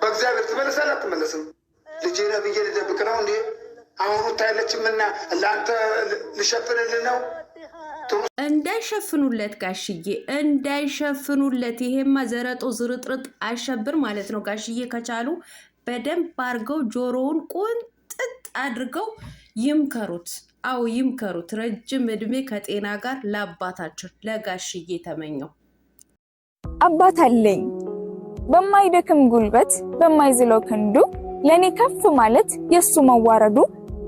በእግዚአብሔር ትመለስ አትመለስም? ልጄ ነህ ብዬ ልደብቅ ነው እንዴ? አሁኑ ታያለችምና ለአንተ ልሸፍንል ነው እንዳይሸፍኑለት ጋሽዬ እንዳይሸፍኑለት። ይሄማ ዘረጦ ዝርጥርጥ አይሸብር ማለት ነው። ጋሽዬ ከቻሉ በደንብ አድርገው ጆሮውን ቁንጥጥ አድርገው ይምከሩት። አዎ ይምከሩት። ረጅም እድሜ ከጤና ጋር ለአባታችን ለጋሽዬ ተመኘው። አባት አለኝ በማይደክም ጉልበት በማይዝለው ክንዱ ለኔ ከፍ ማለት የሱ መዋረዱ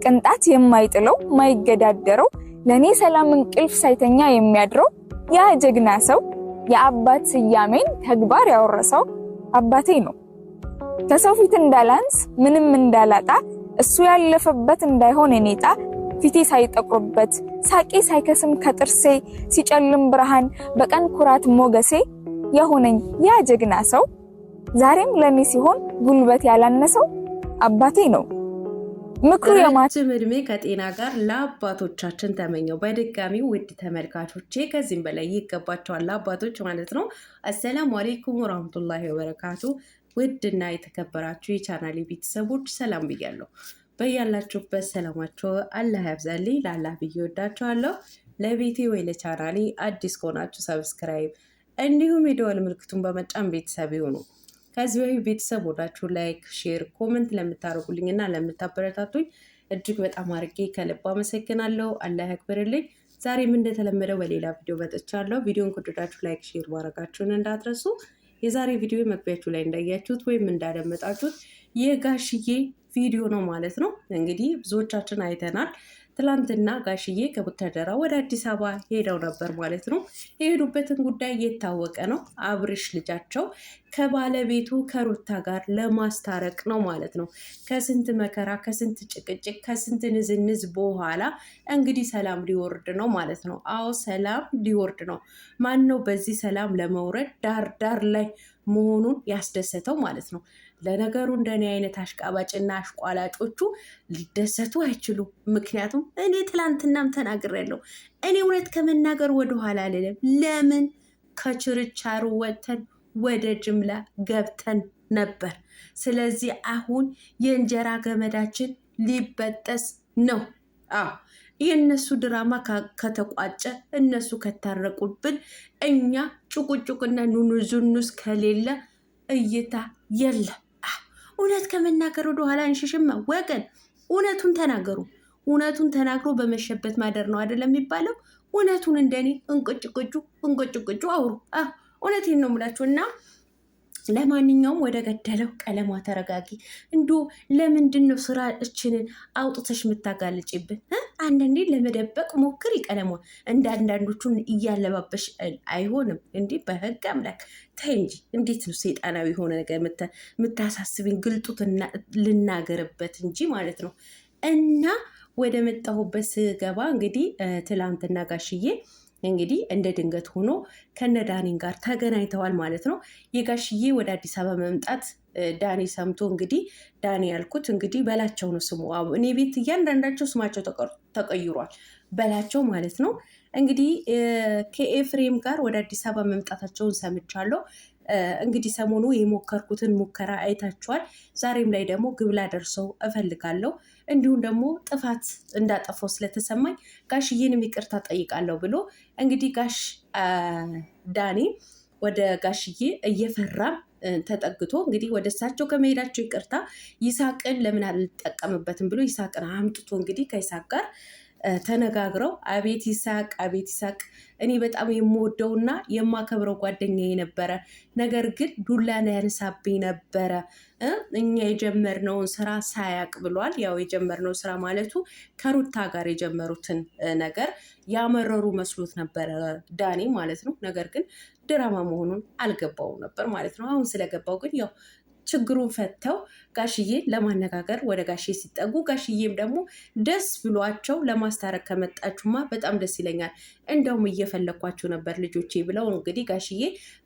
ቅንጣት የማይጥለው ማይገዳደረው ለኔ ሰላም እንቅልፍ ሳይተኛ የሚያድረው ያ ጀግና ሰው የአባት ስያሜን ተግባር ያወረሰው አባቴ ነው። ከሰው ፊት እንዳላንስ ምንም እንዳላጣ እሱ ያለፈበት እንዳይሆን እኔጣ ፊቴ ሳይጠቁርበት ሳቄ ሳይከስም ከጥርሴ ሲጨልም ብርሃን በቀን ኩራት ሞገሴ የሆነኝ ያ ጀግና ሰው ዛሬም ለእኔ ሲሆን ጉልበት ያላነሰው አባቴ ነው። ምክሩ የማችም እድሜ ከጤና ጋር ለአባቶቻችን ተመኘው። በድጋሚ ውድ ተመልካቾቼ ከዚህም በላይ ይገባቸዋል ለአባቶች ማለት ነው። አሰላሙ አሌይኩም ወራህመቱላሂ ወበረካቱ። ውድና የተከበራችሁ የቻናሌ ቤተሰቦች ሰላም ብያለሁ። በያላችሁበት ሰላማችሁ አላህ ያብዛልኝ። ለአላህ ብዬ ወዳችኋለሁ። ለቤቴ ወይ ለቻናሌ አዲስ ከሆናችሁ ሰብስክራይብ እንዲሁም የደወል ምልክቱን በመጫን ቤተሰብ ይሁኑ። ከዚህ ወይ ቤተሰብ ወዳችሁ ላይክ፣ ሼር፣ ኮመንት ለምታደርጉልኝ እና ለምታበረታቱኝ እጅግ በጣም አርጌ ከልብ አመሰግናለሁ። አላህ ያክብርልኝ። ዛሬም እንደተለመደው በሌላ ቪዲዮ መጥቻለሁ። ቪዲዮን ከወደዳችሁ ላይክ፣ ሼር ማድረጋችሁን እንዳትረሱ። የዛሬ ቪዲዮ መግቢያችሁ ላይ እንዳያችሁት ወይም እንዳደመጣችሁት የጋሽዬ ቪዲዮ ነው ማለት ነው። እንግዲህ ብዙዎቻችን አይተናል። ትላንትና ጋሽዬ ከቡታደራ ወደ አዲስ አበባ ሄደው ነበር ማለት ነው። የሄዱበትን ጉዳይ የታወቀ ነው። አብርሽ ልጃቸው ከባለቤቱ ከሩታ ጋር ለማስታረቅ ነው ማለት ነው። ከስንት መከራ፣ ከስንት ጭቅጭቅ፣ ከስንት ንዝንዝ በኋላ እንግዲህ ሰላም ሊወርድ ነው ማለት ነው። አዎ ሰላም ሊወርድ ነው። ማን ነው በዚህ ሰላም ለመውረድ ዳር ዳር ላይ መሆኑን ያስደሰተው ማለት ነው። ለነገሩ እንደኔ አይነት አሽቃባጭና አሽቋላጮቹ ሊደሰቱ አይችሉም። ምክንያቱም እኔ ትላንትናም ተናግሬያለሁ። እኔ እውነት ከመናገር ወደኋላ አልልም። ለምን ከችርቻሩ ወጥተን ወደ ጅምላ ገብተን ነበር። ስለዚህ አሁን የእንጀራ ገመዳችን ሊበጠስ ነው። አዎ የእነሱ ድራማ ከተቋጨ እነሱ ከታረቁብን እኛ ጭቁጭቁና ኑኑዙኑስ ከሌለ እይታ የለም። እውነት ከመናገር ወደ ኋላ እንሽሽማ ወገን፣ እውነቱን ተናገሩ። እውነቱን ተናግሮ በመሸበት ማደር ነው አይደለም የሚባለው? እውነቱን እንደኔ እንቁጭቁጩ እንቁጭቁጩ አውሩ። እውነቴን ነው የምላችሁ እና ለማንኛውም ወደ ገደለው ቀለማ ተረጋጊ። እንዶ ለምንድን ነው ስራ እችንን አውጥተሽ የምታጋልጭብን? አንዳንዴ ለመደበቅ ሞክሪ ቀለሟ እንደ አንዳንዶቹን እያለባበሽ አይሆንም። እንዲህ በህግ አምላክ ተይ እንጂ እንዴት ነው ሴጣናዊ የሆነ ነገር የምታሳስብኝ? ግልጡት ልናገርበት እንጂ ማለት ነው እና ወደ መጣሁበት ስገባ እንግዲህ ትላንትና ጋሽዬ እንግዲህ እንደ ድንገት ሆኖ ከነ ዳኒን ጋር ተገናኝተዋል ማለት ነው። የጋሽዬ ወደ አዲስ አበባ መምጣት ዳኒ ሰምቶ እንግዲህ ዳኒ ያልኩት እንግዲህ በላቸው ነው ስሙ። እኔ ቤት እያንዳንዳቸው ስማቸው ተቀይሯል። በላቸው ማለት ነው እንግዲህ ከኤፍሬም ጋር ወደ አዲስ አበባ መምጣታቸውን ሰምቻለሁ። እንግዲህ ሰሞኑ የሞከርኩትን ሙከራ አይታችኋል። ዛሬም ላይ ደግሞ ግብ ላደርሰው እፈልጋለሁ። እንዲሁም ደግሞ ጥፋት እንዳጠፋው ስለተሰማኝ ጋሽዬንም ይቅርታ ጠይቃለሁ ብሎ እንግዲህ ጋሽ ዳኔ ወደ ጋሽዬ እየፈራም ተጠግቶ እንግዲህ ወደ እሳቸው ከመሄዳቸው ይቅርታ ይሳቅን ለምን አልጠቀምበትም ብሎ ይሳቅን አምጥቶ እንግዲህ ከይሳቅ ጋር ተነጋግረው አቤት ይሳቅ አቤት ይሳቅ እኔ በጣም የምወደውና የማከብረው ጓደኛዬ ነበረ። ነገር ግን ዱላን ነው ያነሳብኝ ነበረ እኛ የጀመርነውን ስራ ሳያቅ ብሏል። ያው የጀመርነው ስራ ማለቱ ከሩታ ጋር የጀመሩትን ነገር ያመረሩ መስሎት ነበረ ዳኔ ማለት ነው። ነገር ግን ድራማ መሆኑን አልገባው ነበር ማለት ነው። አሁን ስለገባው ግን ያው ችግሩን ፈተው ጋሽዬን ለማነጋገር ወደ ጋሽዬ ሲጠጉ ጋሽዬም ደግሞ ደስ ብሏቸው ለማስታረቅ ከመጣችሁማ በጣም ደስ ይለኛል፣ እንደውም እየፈለግኳቸው ነበር ልጆቼ ብለው እንግዲህ ጋሽዬ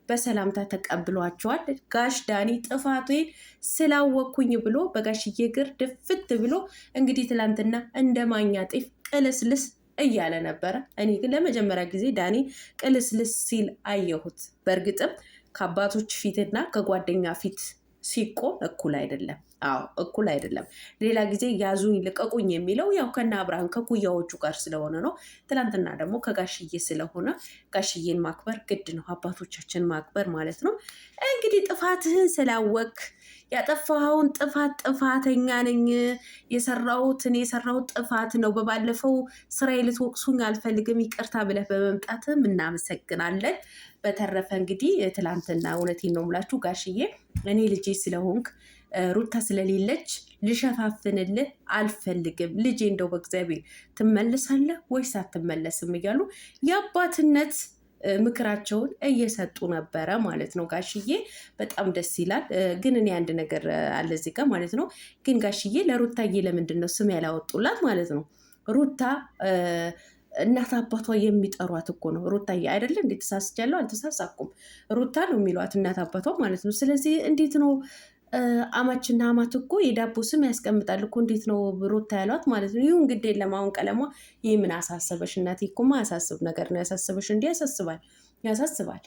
በሰላምታ ተቀብሏቸዋል። ጋሽ ዳኒ ጥፋቴን ስላወኩኝ ብሎ በጋሽዬ እግር ድፍት ብሎ እንግዲህ ትላንትና እንደ ማኛ ጤፍ ቅልስልስ እያለ ነበረ። እኔ ግን ለመጀመሪያ ጊዜ ዳኒ ቅልስልስ ሲል አየሁት። በእርግጥም ከአባቶች ፊትና ከጓደኛ ፊት ሲቆም እኩል አይደለም። አዎ እኩል አይደለም። ሌላ ጊዜ ያዙኝ ልቀቁኝ የሚለው ያው ከነ አብርሃም ከኩያዎቹ ጋር ስለሆነ ነው። ትናንትና ደግሞ ከጋሽዬ ስለሆነ ጋሽዬን ማክበር ግድ ነው፣ አባቶቻችን ማክበር ማለት ነው። እንግዲህ ጥፋትህን ስላወቅ ያጠፋኸውን ጥፋት ጥፋተኛ ነኝ የሰራሁት እኔ የሰራሁት ጥፋት ነው፣ በባለፈው ስራዬ ልትወቅሱኝ አልፈልግም፣ ይቅርታ ብለህ በመምጣትም እናመሰግናለን። በተረፈ እንግዲህ ትላንትና እውነቴን ነው ሙላችሁ ጋሽዬ፣ እኔ ልጄ ስለሆንክ ሩታ ስለሌለች ልሸፋፍንልህ አልፈልግም። ልጄ እንደው በእግዚአብሔር ትመልሳለህ ወይስ አትመለስም እያሉ የአባትነት ምክራቸውን እየሰጡ ነበረ ማለት ነው። ጋሽዬ በጣም ደስ ይላል። ግን እኔ አንድ ነገር አለ እዚህ ጋር ማለት ነው። ግን ጋሽዬ ለሩታዬ ለምንድን ነው ስም ያላወጡላት ማለት ነው? ሩታ እናት አባቷ የሚጠሯት እኮ ነው ሩታዬ አይደለም እንዴት ተሳስቻለሁ? አልተሳሳኩም። ሩታ ነው የሚሏት እናት አባቷ ማለት ነው። ስለዚህ እንዴት ነው አማችና አማት እኮ የዳቦ ስም ያስቀምጣል እኮ እንዴት ነው ሩታ ያሏት ማለት ነው። ይሁን ግድ የለም አሁን ቀለሟ ይህ ምን አሳሰበሽ እናቴ? እኮማ አያሳስብ ነገር ነው ያሳስበሽ። እንዲህ ያሳስባል ያሳስባል።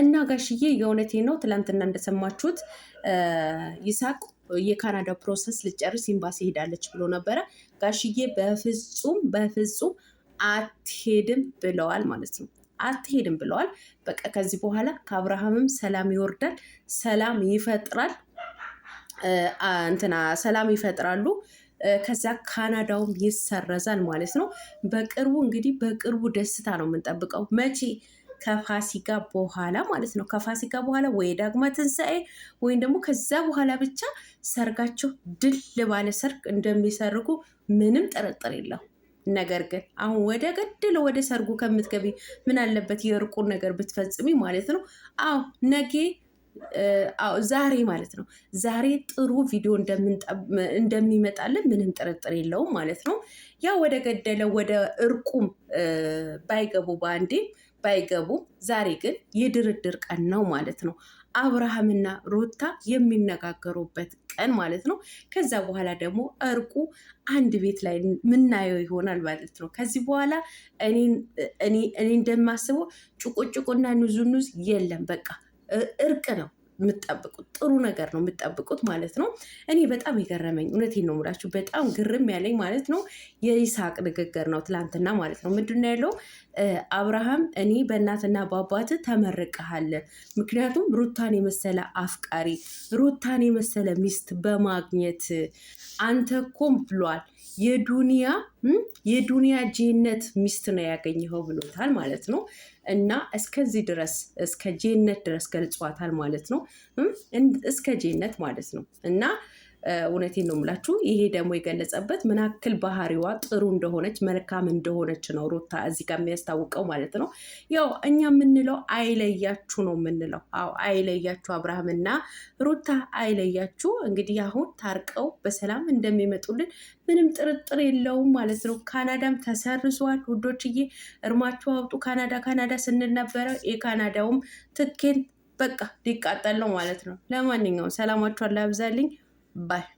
እና ጋሽዬ የእውነቴ ነው። ትላንትና እንደሰማችሁት ይሳቅ የካናዳ ፕሮሰስ ልጨርስ ኤምባሲ ሄዳለች ብሎ ነበረ። ጋሽዬ በፍጹም በፍጹም አትሄድም ብለዋል ማለት ነው አትሄድም ብለዋል። በቃ ከዚህ በኋላ ከአብርሃምም ሰላም ይወርዳል፣ ሰላም ይፈጥራል። እንትና ሰላም ይፈጥራሉ። ከዛ ካናዳውም ይሰረዛል ማለት ነው። በቅርቡ እንግዲህ በቅርቡ ደስታ ነው የምንጠብቀው። መቼ? ከፋሲካ በኋላ ማለት ነው። ከፋሲካ በኋላ ወይ ዳግማ ትንሣኤ ወይም ደግሞ ከዛ በኋላ ብቻ ሰርጋቸው ድል ባለ ሰርግ እንደሚሰርጉ ምንም ጥርጥር የለው። ነገር ግን አሁን ወደ ገድል ወደ ሰርጉ ከምትገቢ ምን አለበት የእርቁን ነገር ብትፈጽሚ ማለት ነው። አዎ ነጌ ዛሬ ማለት ነው። ዛሬ ጥሩ ቪዲዮ እንደሚመጣልን ምንም ጥርጥር የለውም ማለት ነው። ያ ወደ ገደለ ወደ እርቁም ባይገቡ በአንዴ ባይገቡም ዛሬ ግን የድርድር ቀን ነው ማለት ነው። አብርሃምና ሩታ የሚነጋገሩበት ቀን ማለት ነው። ከዛ በኋላ ደግሞ እርቁ አንድ ቤት ላይ ምናየው ይሆናል ማለት ነው። ከዚህ በኋላ እኔ እንደማስበው ጭቁጭቁና ኑዙኑዝ የለም በቃ እርቅ ነው የምጠብቁት ጥሩ ነገር ነው የምጠብቁት ማለት ነው። እኔ በጣም የገረመኝ እውነቴን ነው የምላችሁ በጣም ግርም ያለኝ ማለት ነው የይስሐቅ ንግግር ነው ትላንትና ማለት ነው። ምንድን ነው ያለው? አብርሃም እኔ በእናትና በአባት ተመርቀሃል፣ ምክንያቱም ሩታን የመሰለ አፍቃሪ ሩታን የመሰለ ሚስት በማግኘት አንተ ብሏል የዱንያ የዱንያ ጄነት ሚስት ነው ያገኘኸው ብሎታል ማለት ነው። እና እስከዚህ ድረስ እስከ ጄነት ድረስ ገልጿታል ማለት ነው። እስከ ጄነት ማለት ነው እና እውነቴን ነው የምላችሁ። ይሄ ደግሞ የገለጸበት ምን ያክል ባህሪዋ ጥሩ እንደሆነች መልካም እንደሆነች ነው ሩታ እዚህ ጋር የሚያስታውቀው ማለት ነው። ያው እኛ የምንለው አይለያችሁ ነው የምንለው። አዎ አይለያችሁ፣ አብርሃምና ሩታ አይለያችሁ። እንግዲህ አሁን ታርቀው በሰላም እንደሚመጡልን ምንም ጥርጥር የለውም ማለት ነው። ካናዳም ተሰርዟል ውዶችዬ፣ እርማችሁ አውጡ። ካናዳ ካናዳ ስንል ነበረ። የካናዳውም ትኬት በቃ ሊቃጠል ነው ማለት ነው። ለማንኛውም ሰላማችሁ ላብዛልኝ። Bye.